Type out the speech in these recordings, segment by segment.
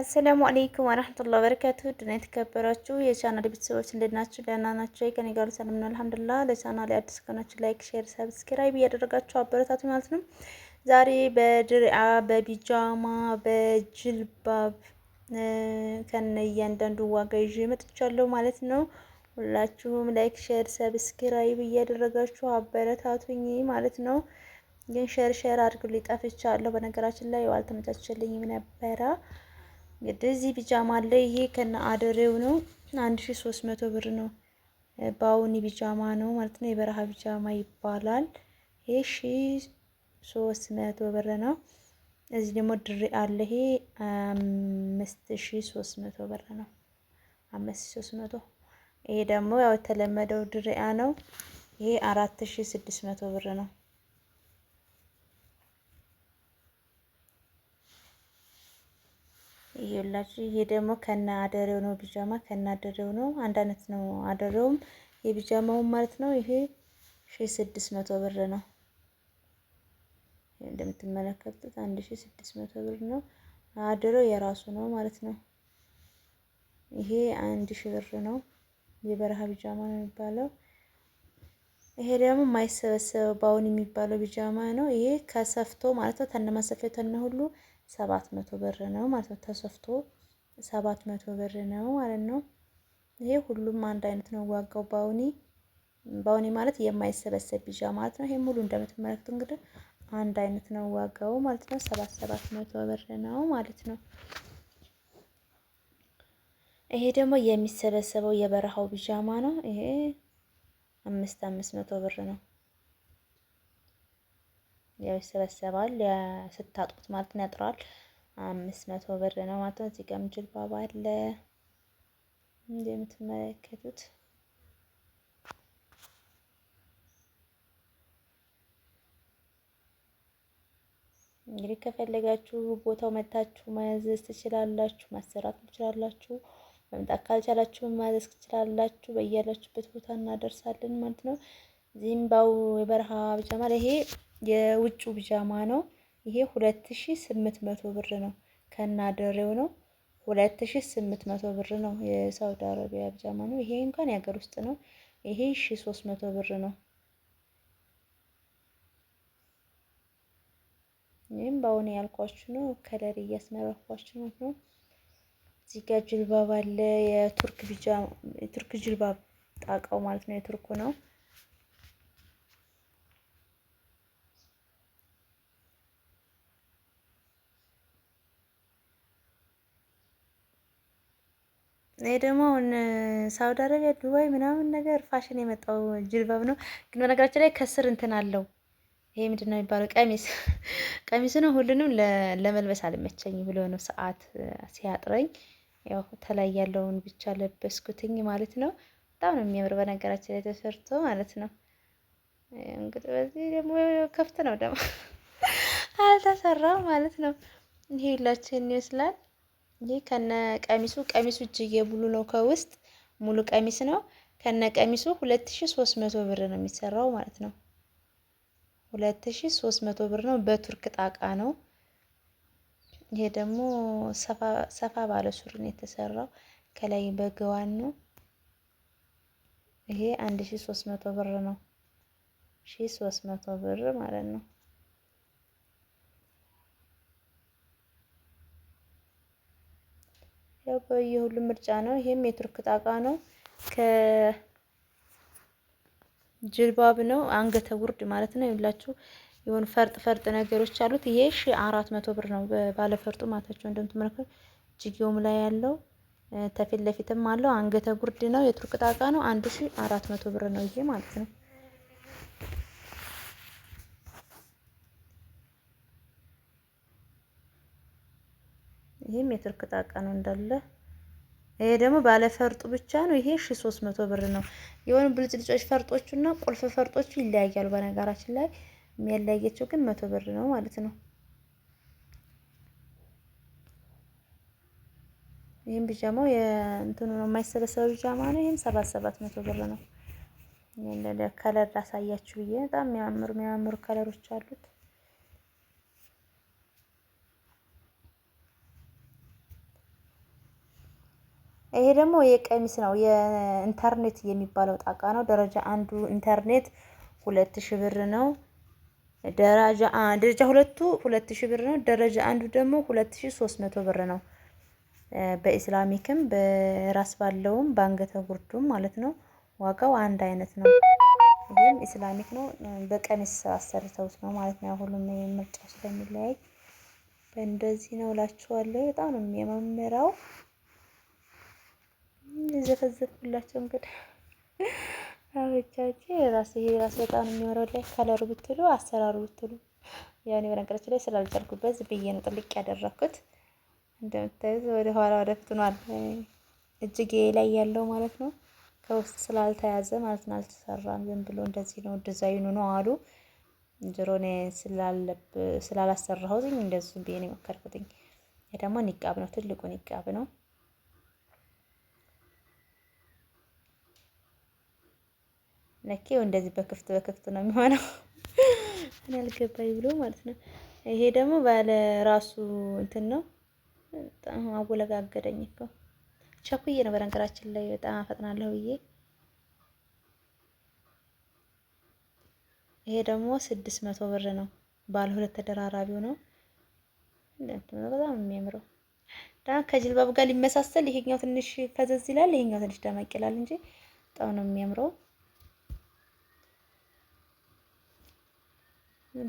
አሰላሙ አለይኩም ወራህመቱላሂ ወበረካቱ ድና የተከበራችሁ የቻናል ቤተሰቦች እንደናችሁ? ደህና ናችሁ? ከኔ ጋር ሰላም ነው አልሐምዱሊላህ። ለቻናል አዲስ ከሆናችሁ ላይክ፣ ሼር፣ ሰብስክራይብ እያደረጋችሁ አበረታቱ ማለት ነው። ዛሬ በድርአ በቢጃማ በጅልባብ ከነ እያንዳንዱ ዋጋ ይዤ መጥቻለሁ ማለት ነው። ሁላችሁም ላይክ፣ ሼር፣ ሰብስክራይብ እያደረጋችሁ አበረታቱኝ ማለት ነው። ግን ሼር ሼር አድርጉልኝ። ጠፍቻለሁ በነገራችን ላይ አልተመቻቸልኝም ነበረ እንግዲህ እዚህ ቢጃማ አለ። ይሄ ከነ አደሬው ነው። አንድ ሺ ሶስት መቶ ብር ነው። በአውኒ ቢጃማ ነው ማለት ነው። የበረሃ ቢጃማ ይባላል። ይሄ ሺ ሶስት መቶ ብር ነው። እዚህ ደግሞ ድሪ አለ። ይሄ አምስት ሺ ሶስት መቶ ብር ነው። አምስት ሺ ሶስት መቶ ይሄ ደግሞ ያው የተለመደው ድሪያ ነው። ይሄ አራት ሺ ስድስት መቶ ብር ነው። ይኸውላችሁ ይሄ ደግሞ ከነ አደሬው ነው። ቢጃማ ከነ አደሬው ነው። አንድ አይነት ነው አደሬውም የቢጃማውም ማለት ነው። ይሄ ሺ ስድስት መቶ ብር ነው። እንደምትመለከቱት አንድ ሺህ ስድስት መቶ ብር ነው። አደሬው የራሱ ነው ማለት ነው። ይሄ አንድ ሺ ብር ነው። የበረሃ ቢጃማ ነው የሚባለው። ይሄ ደግሞ የማይሰበሰበው ባውን የሚባለው ቢጃማ ነው። ይሄ ከሰፍቶ ማለት ነው ተነ ሁሉ ሰባት መቶ ብር ነው ማለት ነው። ተሰፍቶ ሰባት መቶ ብር ነው ማለት ነው። ይሄ ሁሉም አንድ አይነት ነው ዋጋው። ባውኒ ባውኒ ማለት የማይሰበሰብ ቢጃማ ማለት ነው። ይሄ ሙሉ እንደምትመለከቱ እንግዲህ አንድ አይነት ነው ዋጋው ማለት ነው። ሰባት ሰባት መቶ ብር ነው ማለት ነው። ይሄ ደግሞ የሚሰበሰበው የበረሃው ቢጃማ ነው ይሄ አምስት አምስት መቶ ብር ነው ያው ይሰበሰባል ስታጥቁት ማለት ነው ያጥረዋል። አምስት መቶ ብር ነው ማለት ነው። እዚህ ጋርም ጅልባባ አለ እንደምትመለከቱት እንግዲህ ከፈለጋችሁ ቦታው መታችሁ መያዝ ትችላላችሁ፣ ማሰራት ትችላላችሁ። መምጣት ካልቻላችሁም ማዘዝ ትችላላችሁ። በያላችሁበት ቦታ እናደርሳለን ማለት ነው። ዚምባው የበረሃ ብጃማ ይሄ የውጩ ብጃማ ነው። ይሄ 2800 ብር ነው። ከናደሬው ነው 2800 ብር ነው። የሳውዲ አረቢያ ብጃማ ነው። ይሄ እንኳን የሀገር ውስጥ ነው። ይሄ 1300 ብር ነው። ይህም በአሁኑ ያልኳችሁ ነው። ከለር እያስመረኳችሁ ነው። እዚህ ጋር ጅልባብ አለ። የቱርክ ጅልባብ ጣቃው ማለት ነው፣ የቱርኩ ነው። ይህ ደግሞ አሁን ሳውዲ አረቢያ ዱባይ ምናምን ነገር ፋሽን የመጣው ጅልባብ ነው። ግን በነገራችን ላይ ከስር እንትን አለው ይሄ ምንድን ነው የሚባለው? ቀሚስ ቀሚስ ነው። ሁሉንም ለመልበስ አልመቸኝ ብሎ ነው ሰዓት ሲያጥረኝ፣ ያው ተላይ ያለውን ብቻ ለበስኩትኝ ማለት ነው። በጣም ነው የሚያምር በነገራችን ላይ ተሰርቶ ማለት ነው። እንግዲህ በዚህ ደግሞ ከፍት ነው ደግሞ አልተሰራ ማለት ነው። ይሄ ሁላችን ይመስላል። ይህ ከነ ቀሚሱ ቀሚሱ እጅጌ ሙሉ ነው። ከውስጥ ሙሉ ቀሚስ ነው። ከነ ቀሚሱ ሁለት ሺ ሶስት መቶ ብር ነው የሚሰራው ማለት ነው። 2300 ብር ነው። በቱርክ ጣቃ ነው። ይሄ ደግሞ ሰፋ ባለ ሱሪ ነው የተሰራው። ከላይ በገዋን ነው። ይሄ 1300 ብር ነው። 1300 ብር ማለት ነው። ያው በየሁሉም ምርጫ ነው። ይሄም የቱርክ ጣቃ ነው ከ ጅልባብ ነው። አንገተ ውርድ ማለት ነው። ይላችሁ የሆኑ ፈርጥ ፈርጥ ነገሮች አሉት። ይሄ ሺ አራት መቶ ብር ነው። ባለፈርጡ ማታቸው እንደምትመለከቱ እጅጌውም ላይ ያለው ተፊት ለፊትም አለው። አንገተ ጉርድ ነው። የቱርክ ጣቃ ነው። አንድ ሺ አራት መቶ ብር ነው ይሄ ማለት ነው። ይህም የቱርክ ጣቃ ነው እንዳለ ይሄ ደግሞ ባለ ፈርጡ ብቻ ነው። ይሄ 1300 ብር ነው። የሆኑ ብልጭልጮች ፈርጦቹና ቁልፍ ፈርጦቹ ይለያያሉ። በነገራችን ላይ የሚያለያየቸው ግን መቶ ብር ነው ማለት ነው። ይህም ቢጃማው የእንትኑ ነው የማይሰበሰበ ቢጃማ ነው። ይህም ሰባት ሰባት መቶ ብር ነው። ከለር ላሳያችሁ ብዬ በጣም የሚያምሩ የሚያምሩ ከለሮች አሉት። ይሄ ደግሞ የቀሚስ ነው። የኢንተርኔት የሚባለው ጣቃ ነው። ደረጃ አንዱ ኢንተርኔት ሁለት ሺህ ብር ነው። ደረጃ ደረጃ ሁለቱ ሁለት ሺህ ብር ነው። ደረጃ አንዱ ደግሞ ሁለት ሺህ ሶስት መቶ ብር ነው። በኢስላሚክም በራስ ባለውም በአንገተ ጉርዱም ማለት ነው። ዋጋው አንድ አይነት ነው። ይህም ኢስላሚክ ነው። በቀሚስ አሰርተውት ነው ማለት ነው። ሁሉም ምርጫው ስለሚለያይ እንደዚህ ነው እላችኋለሁ። በጣም ነው የሚያማምረው። ዘፈዘፍኩላቸው እንግዲህ አብቻቼ ራስ ይሄ ራስ በጣም የሚያምረው ላይ ከለሩ ብትሉ አሰራሩ ብትሉ ያኔ በነገራችን ላይ ስላልቻልኩበት ብዬ ነው ጥልቅ ያደረኩት። እንደምታዩት ወደ ኋላ ወደ ፍትኗል እጅጌ ላይ ያለው ማለት ነው። ከውስጥ ስላልተያዘ ማለት ነው አልተሰራም። ዝም ብሎ እንደዚህ ነው ዲዛይኑ ነው አሉ ጆሮ እኔ ስላላሰራሁትኝ እንደዚህ ብዬ ነው የሞከርኩትኝ። ይሄ ደግሞ ኒቃብ ነው፣ ትልቁ ኒቃብ ነው። ነኬው እንደዚህ በክፍት በክፍት ነው የሚሆነው። እኔ አልገባኝ ብሎ ማለት ነው። ይሄ ደግሞ ባለ ራሱ እንትን ነው። በጣም አወለጋገደኝ እኮ ቸኩዬ ነው። በነገራችን ላይ በጣም አፈጥናለሁ ብዬ። ይሄ ደግሞ ስድስት መቶ ብር ነው። ባለ ሁለት ተደራራቢው ነው። በጣም የሚያምረው ዳን ከጅልባብ ጋር ሊመሳሰል ይሄኛው ትንሽ ፈዘዝ ይላል፣ ይሄኛው ትንሽ ደመቅ ይላል እንጂ በጣም ነው የሚያምረው።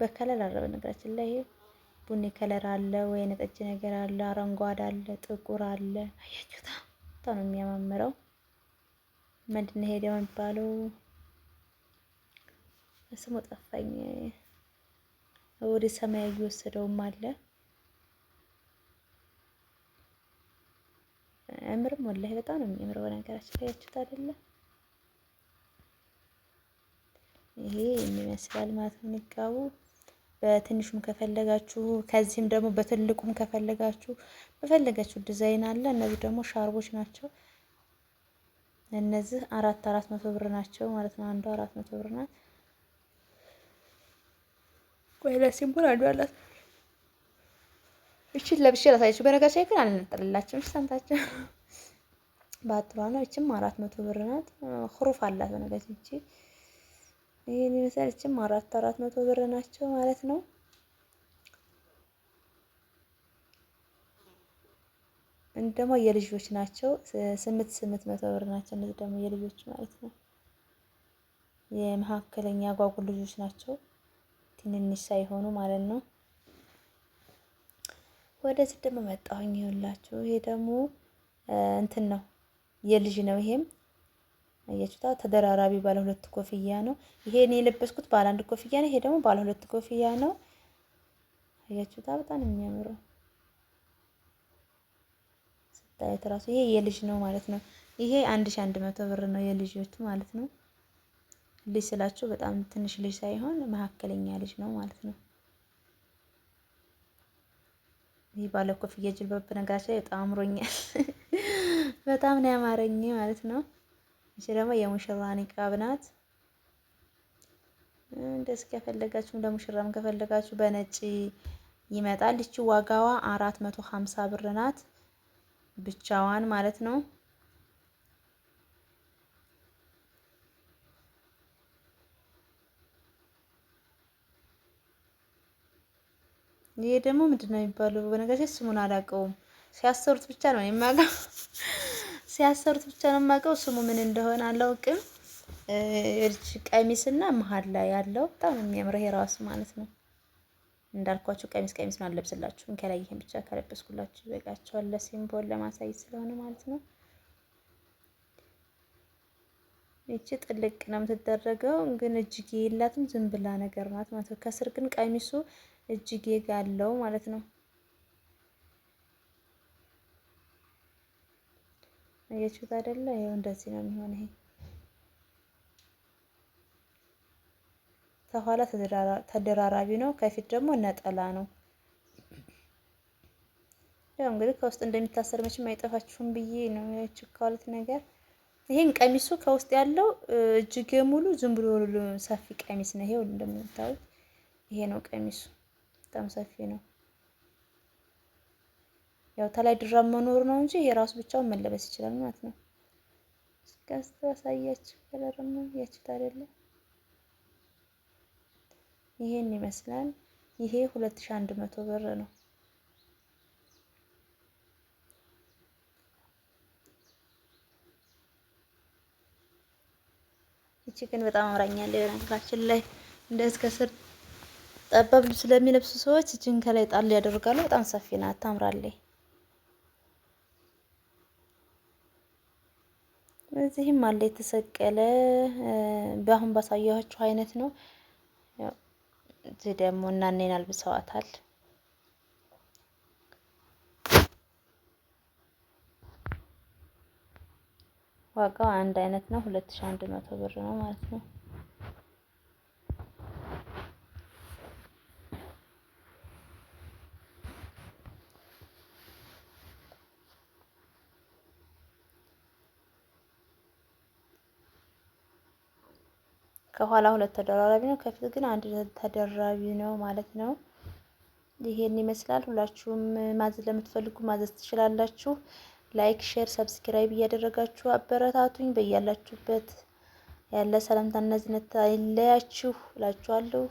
በከለር አለ። በነገራችን ላይ ቡኒ ከለር አለ፣ ወይን ጠጅ ነገር አለ፣ አረንጓዴ አለ፣ ጥቁር አለ። አያችሁታ በጣም ነው የሚያማምረው። ምንድን ነው ሄደው የሚባለው ስሙ ጠፋኝ። ወደ ሰማይ እየወሰደውም አለ አያምርም? ወላሂ በጣም ነው የሚያምረው። በነገራችን ላይ አያችሁት አይደለ? ይሄ የሚመስላል ማለት ነው ንቃቡ። በትንሹም ከፈለጋችሁ ከዚህም ደግሞ በትልቁም ከፈለጋችሁ በፈለጋችሁ ዲዛይን አለ። እነዚህ ደግሞ ሻርቦች ናቸው። እነዚህ አራት አራት መቶ ብር ናቸው ማለት ነው። አንዱ አራት መቶ ብር ናት። ቆይ ለሲምቦል አንዱ አላት። እቺን ለብሼ ላሳያችሁ። በነገራችን ላይ ግን አልነጠልላችሁም ሰምታችሁ በአጥሯ ነው። እችም አራት መቶ ብር ናት። ሁሩፍ አላት በነገራችን እቺ ይህን ይመስላል። እችም አራት አራት መቶ ብር ናቸው ማለት ነው። እንደ ደግሞ የልጆች ናቸው ስምንት ስምንት መቶ ብር ናቸው። እነዚህ ደግሞ የልጆች ማለት ነው። የመካከለኛ አጓጉል ልጆች ናቸው ትንንሽ ሳይሆኑ ማለት ነው። ወደዚህ ደግሞ መጣሁኝ። ይኸውላችሁ ይሄ ደግሞ እንትን ነው የልጅ ነው። ይሄም አያችሁታ ተደራራቢ ባለ ሁለት ኮፍያ ነው። ይሄ እኔ የለበስኩት ባለ አንድ ኮፍያ ነው። ይሄ ደግሞ ባለ ሁለት ኮፍያ ነው። አያችሁታ በጣም የሚያምረው ስታየት ራሱ ይሄ የልጅ ነው ማለት ነው። ይሄ አንድ አንድ መቶ ብር ነው የልጆቹ ማለት ነው። ልጅ ስላችሁ በጣም ትንሽ ልጅ ሳይሆን መካከለኛ ልጅ ነው ማለት ነው። ይህ ባለ ኮፍያ ጅልበብ ነገራችን ላይ በጣም አምሮኛል። በጣም ነው ያማረኝ ማለት ነው። እቺ ደግሞ የሙሽራ ኒቃብ ናት። እንደዚህ ከፈለጋችሁ ለሙሽራም ከፈለጋችሁ በነጭ ይመጣል። እቺ ዋጋዋ 450 ብር ናት ብቻዋን ማለት ነው። ይሄ ደግሞ ምንድን ነው የሚባለው? በነገራችን ስሙን አላውቀውም። ሲያሰሩት ብቻ ነው የማውቀው። ሲያሰሩት ብቻ ነው የማውቀው ስሙ ምን እንደሆነ አላውቅም። እጅ ቀሚስና መሀል ላይ ያለው በጣም የሚያምረው ይሄ ራሱ ማለት ነው። እንዳልኳችሁ ቀሚስ ቀሚስ ነው አለብስላችሁም። ከላይ ይሄን ብቻ ከለበስኩላችሁ ይበቃችኋል፣ ለሲምቦል ለማሳየት ስለሆነ ማለት ነው። ይቺ ጥልቅ ነው የምትደረገው፣ ግን እጅጌ የላትም ዝም ብላ ነገር ናት ማለት ነው። ከስር ግን ቀሚሱ እጅጌ ጋለው ማለት ነው። አያችሁት አይደለ? ይሄው እንደዚህ ነው የሚሆነው። ይሄ ከኋላ ተደራራቢ ነው፣ ከፊት ደግሞ ነጠላ ነው። ያው እንግዲህ ከውስጥ እንደሚታሰር መቼም አይጠፋችሁም ብዬ ነው ያችካሉት ነገር። ይሄን ቀሚሱ ከውስጥ ያለው እጅጌ ሙሉ ዝም ብሎ ሰፊ ቀሚስ ነው። ይሄው እንደምታዩት ይሄ ነው ቀሚሱ፣ በጣም ሰፊ ነው። ያው ተላይ ድራብ መኖር ነው እንጂ የራሱ ብቻውን መለበስ ይችላል ማለት ነው። እስከስተ አሳያችሁ ከለርማ ያችሁት አይደለ? ይሄን ይመስላል። ይሄ 2100 ብር ነው። እቺ ግን በጣም አምራኛለሁ። በነገራችን ላይ እንደዚህ ከስር ጠባብ ስለሚለብሱ ሰዎች እጅን ከላይ ጣል ያደርጋሉ። በጣም ሰፊ ናት፣ ታምራለች። እዚህም አለ የተሰቀለ በአሁን ባሳያችሁ አይነት ነው። እዚህ ደግሞ እናኔን አልብሰዋታል። ዋጋው አንድ አይነት ነው። ሁለት ሺ አንድ መቶ ብር ነው ማለት ነው። ከኋላ ሁለት ተደራራቢ ነው፣ ከፊት ግን አንድ ተደራቢ ነው ማለት ነው። ይሄን ይመስላል። ሁላችሁም ማዘዝ ለምትፈልጉ ማዘዝ ትችላላችሁ። ላይክ፣ ሼር፣ ሰብስክራይብ እያደረጋችሁ አበረታቱኝ። በያላችሁበት ያለ ሰላምታና እዝነት አይለያችሁ እላችኋለሁ።